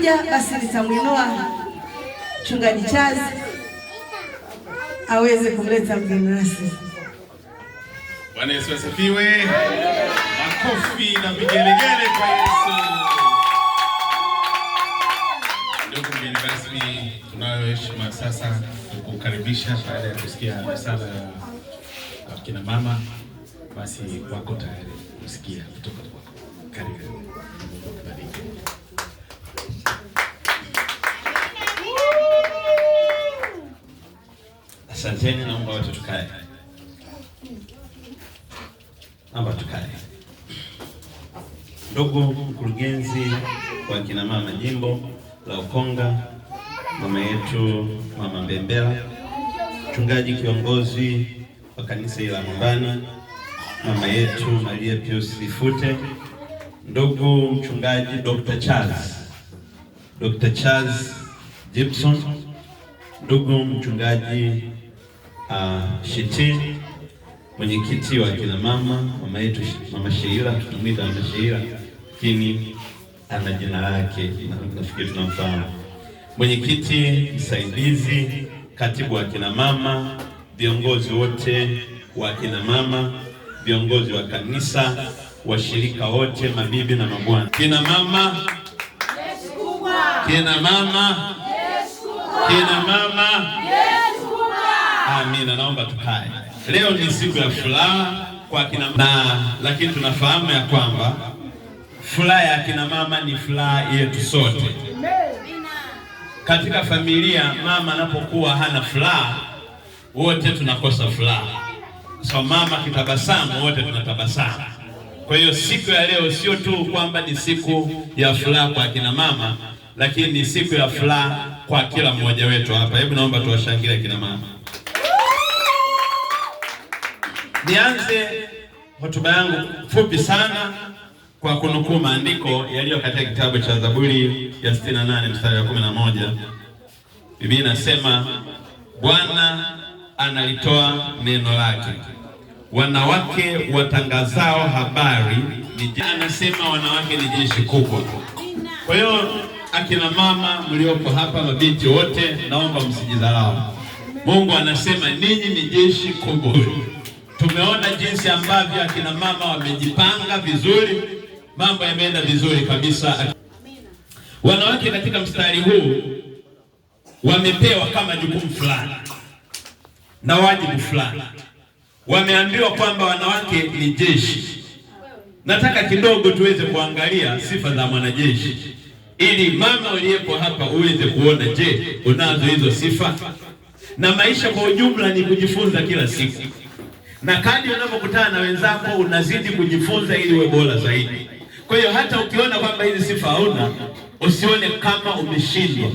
kuja basi nitamwinua Mchungaji Chazi aweze kumleta mgeni rasmi. Bwana Yesu asifiwe! Makofi na vigelegele kwa Yesu. Ndugu mgeni rasmi, tunayo heshima sasa kukukaribisha baada ya kusikia sala ya kina mama, basi wako tayari kusikia kutoka kwako. Karibu. Asanteni, naomba watu tukae, naomba tukae. Ndugu mkurugenzi wa kina mama jimbo la Ukonga, mama yetu mama Mbembela, mchungaji kiongozi wa kanisa la Mbana, mama yetu Maria Pius Lifute, ndugu mchungaji Dr. Charles Dr. Charles Gibson, ndugu mchungaji uh, Shitini, mwenyekiti wa kina mama, mama yetu mama Sheila, tunamwita mama Sheila, lakini ana jina lake, nafikiri tunamfahamu. Mwenyekiti msaidizi, katibu wa kina mama, viongozi wote wa kina mama, viongozi wa kanisa, washirika wote, mabibi na mabwana, kina mama, kina mama, kina mama Amina, naomba tukae. Leo ni siku ya furaha kwa kina na, lakini tunafahamu ya kwamba furaha ya kina mama ni furaha yetu sote. Katika familia mama anapokuwa hana furaha, wote tunakosa furaha. So mama kitabasamu, wote tunatabasamu. Kwa hiyo siku ya leo sio tu kwamba ni siku ya furaha kwa kina mama, lakini ni siku ya furaha kwa kila mmoja wetu hapa. Hebu naomba tuwashangilie kina mama. Nianze hotuba yangu fupi sana kwa kunukuu maandiko yaliyo katika kitabu cha Zaburi ya 68 mstari wa 11. Biblia inasema Bwana analitoa neno lake, wanawake watangazao habari ni anasema, wanawake ni jeshi kubwa. Kwa hiyo akina mama mliopo hapa, mabinti wote, naomba msijidharau. Mungu anasema ninyi ni jeshi kubwa. Tumeona jinsi ambavyo akina mama wamejipanga vizuri, mambo yameenda vizuri kabisa. Wanawake katika mstari huu wamepewa kama jukumu fulani na wajibu fulani, wameambiwa kwamba wanawake ni jeshi. Nataka kidogo tuweze kuangalia sifa za mwanajeshi, ili mama uliyepo hapa uweze kuona, je, unazo hizo sifa? Na maisha kwa ujumla ni kujifunza kila siku na kadi unapokutana na wenzako unazidi kujifunza ili uwe bora zaidi. Kwa hiyo hata ukiona kwamba hizi sifa hauna, usione kama umeshindwa,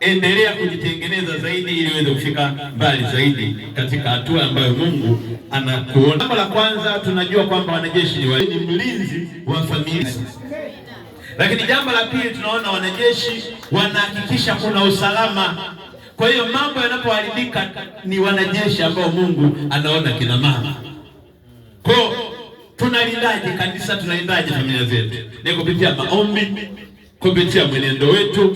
endelea kujitengeneza zaidi ili uweze kufika mbali zaidi katika hatua ambayo Mungu anakuona. Jambo la kwanza tunajua kwamba wanajeshi ni mlinzi wa familia, lakini jambo la pili tunaona wanajeshi wanahakikisha kuna usalama kwa hiyo mambo yanapoharibika ni wanajeshi ambao Mungu anaona kina mama. Kwa hiyo tunalindaje kanisa, tunalindaje familia zetu? Ni kupitia maombi, kupitia mwenendo wetu,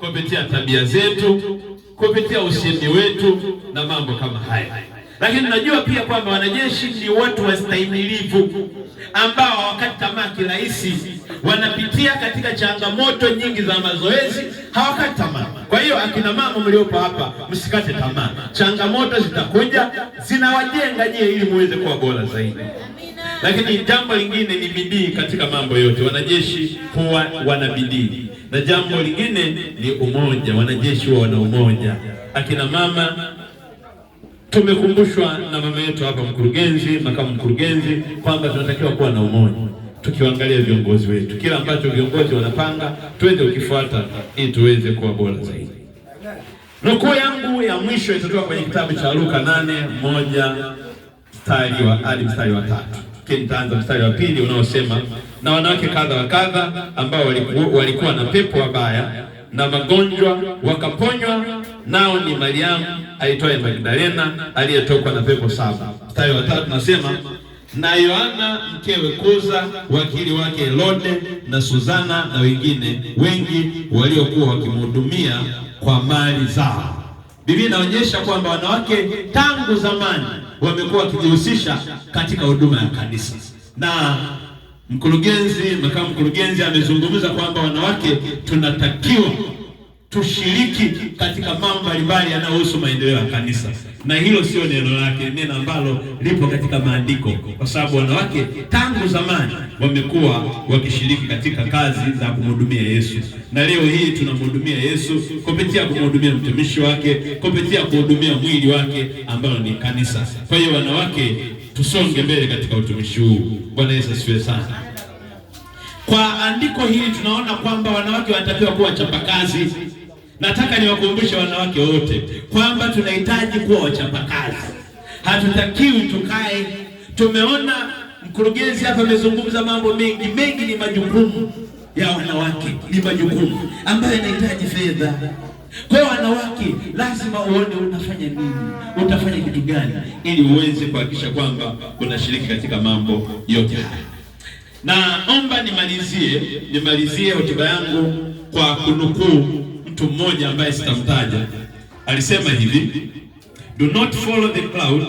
kupitia tabia zetu, kupitia ushindi wetu na mambo kama haya. Lakini najua pia kwamba wanajeshi ni watu wastahimilivu ambao hawakati tamaa kirahisi, wanapitia katika changamoto nyingi za mazoezi, hawakati tamaa mama mliopo hapa, msikate tamaa, changamoto zitakuja, zinawajenga nyie ili muweze kuwa bora zaidi. Lakini jambo lingine ni bidii katika mambo yote. Wanajeshi huwa wana bidii, na jambo lingine ni umoja. Wanajeshi huwa wana umoja. Akina mama tumekumbushwa na mama yetu hapa, mkurugenzi, makamu mkurugenzi, kwamba tunatakiwa kuwa na umoja tukiwaangalia viongozi wetu, kila ambacho viongozi wanapanga tuende ukifuata, ili tuweze kuwa bora zaidi. Nukuu yangu ya mwisho itatoka kwenye kitabu cha Luka nane moja mstari wa hadi mstari wa tatu kini nitaanza mstari wa pili unaosema, na wanawake kadha wa kadha ambao walikuwa, walikuwa na pepo wabaya na magonjwa wakaponywa, nao ni Mariamu aitwaye Magdalena aliyetokwa na pepo saba. Mstari wa tatu nasema na Yohana mkewe Kuza, wakili wake Herode, na Suzana na wengine wengi waliokuwa wakimhudumia kwa mali zao. Biblia inaonyesha kwamba wanawake tangu zamani wamekuwa wakijihusisha katika huduma ya kanisa, na mkurugenzi, makamu mkurugenzi amezungumza kwamba wanawake tunatakiwa tushiriki katika mambo mbalimbali yanayohusu maendeleo ya kanisa, na hilo sio neno lake, neno ambalo lipo katika maandiko, kwa sababu wanawake tangu zamani wamekuwa wakishiriki katika kazi za kumhudumia Yesu, na leo hii tunamhudumia Yesu kupitia kumhudumia mtumishi wake, kupitia kuhudumia mwili wake ambao ni kanisa. Kwa hiyo wanawake, tusonge mbele katika utumishi huu. Bwana Yesu asifiwe sana. Kwa andiko hili tunaona kwamba wanawake wanatakiwa kuwa chapakazi Nataka niwakumbushe wanawake wote kwamba tunahitaji kuwa wachapakazi, hatutakiwi tukae. Tumeona mkurugenzi hapa amezungumza mambo mengi mengi, ni majukumu ya wanawake, ni majukumu ambayo yanahitaji fedha. Kwa hiyo wanawake, lazima uone unafanya nini, utafanya kitu gani ili uweze kuhakikisha kwamba unashiriki katika mambo yote haya. Naomba nimalizie nimalizie hotuba yangu kwa kunukuu mtu mmoja ambaye sitamtaja alisema hivi, do not follow the cloud,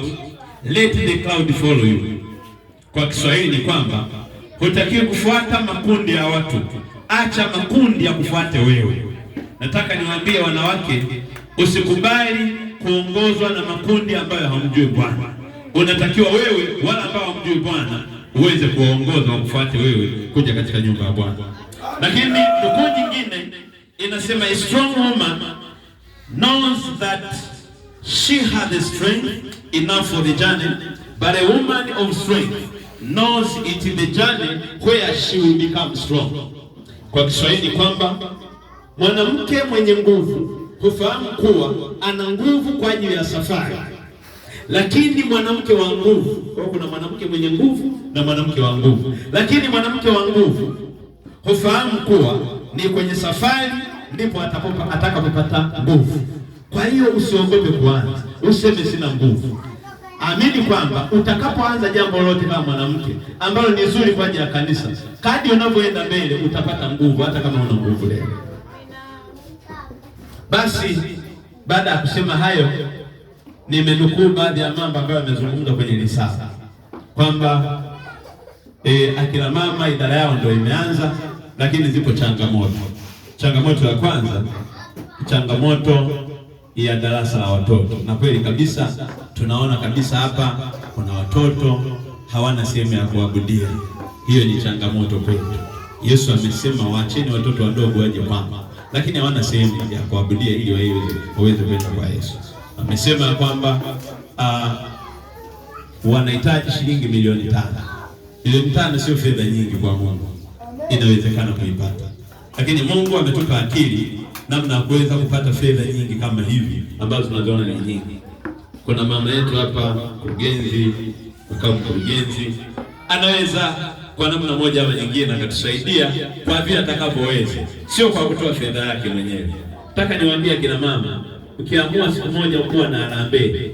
let the cloud follow you. Kwa Kiswahili ni kwamba hutakiwi kufuata makundi ya watu, acha makundi ya kufuate wewe. Nataka niwaambie wanawake, usikubali kuongozwa na makundi ambayo hamjui Bwana. Unatakiwa wewe wala ambao hamjui Bwana uweze kuwaongoza wakufuate wewe kuja katika nyumba ya Bwana. Lakini nukuu nyingine inasema a strong woman knows that she has the strength enough for the journey but a woman of strength knows it is the journey where she will become strong. Kwa Kiswahili kwamba mwanamke mwenye nguvu hufahamu kuwa ana nguvu kwa ajili ya safari, lakini mwanamke wa nguvu, kwa kuna mwanamke mwenye nguvu na mwanamke wa nguvu, lakini mwanamke wa nguvu hufahamu kuwa ni kwenye safari ndipo atakapopata nguvu. Kwa hiyo usiogope kuanza, useme sina nguvu. Amini kwamba utakapoanza jambo lolote kama mwanamke ambalo ni zuri kwa ajili ya kanisa, kadi unavyoenda mbele utapata nguvu, hata kama una nguvu leo. Basi baada ya kusema hayo, nimenukuu baadhi ya mambo ambayo yamezungumzwa kwenye risala kwamba e, akina mama idara yao ndio imeanza lakini zipo changamoto. Changamoto ya kwanza, changamoto ya darasa la watoto, na kweli kabisa tunaona kabisa hapa kuna watoto hawana sehemu ya kuabudia. Hiyo ni changamoto kwetu. Yesu amesema waacheni watoto wadogo waje kwangu, lakini hawana sehemu ya kuabudia ili waweze waweze kwenda kwa Yesu. Amesema ya kwamba ah, wanahitaji shilingi milioni tano. Milioni tano sio fedha nyingi kwa Mungu inawezekana kuipata, lakini Mungu ametupa akili namna ya kuweza kupata fedha nyingi kama hivi ambazo tunaziona ni nyingi. Kuna mama yetu hapa, mkurugenzi, makamu mkurugenzi, anaweza kwa namna moja ama nyingine akatusaidia kwa vile atakavyoweza, sio kwa kutoa fedha yake mwenyewe. Nataka niwaambie akina mama, ukiamua siku moja kuwa na harambee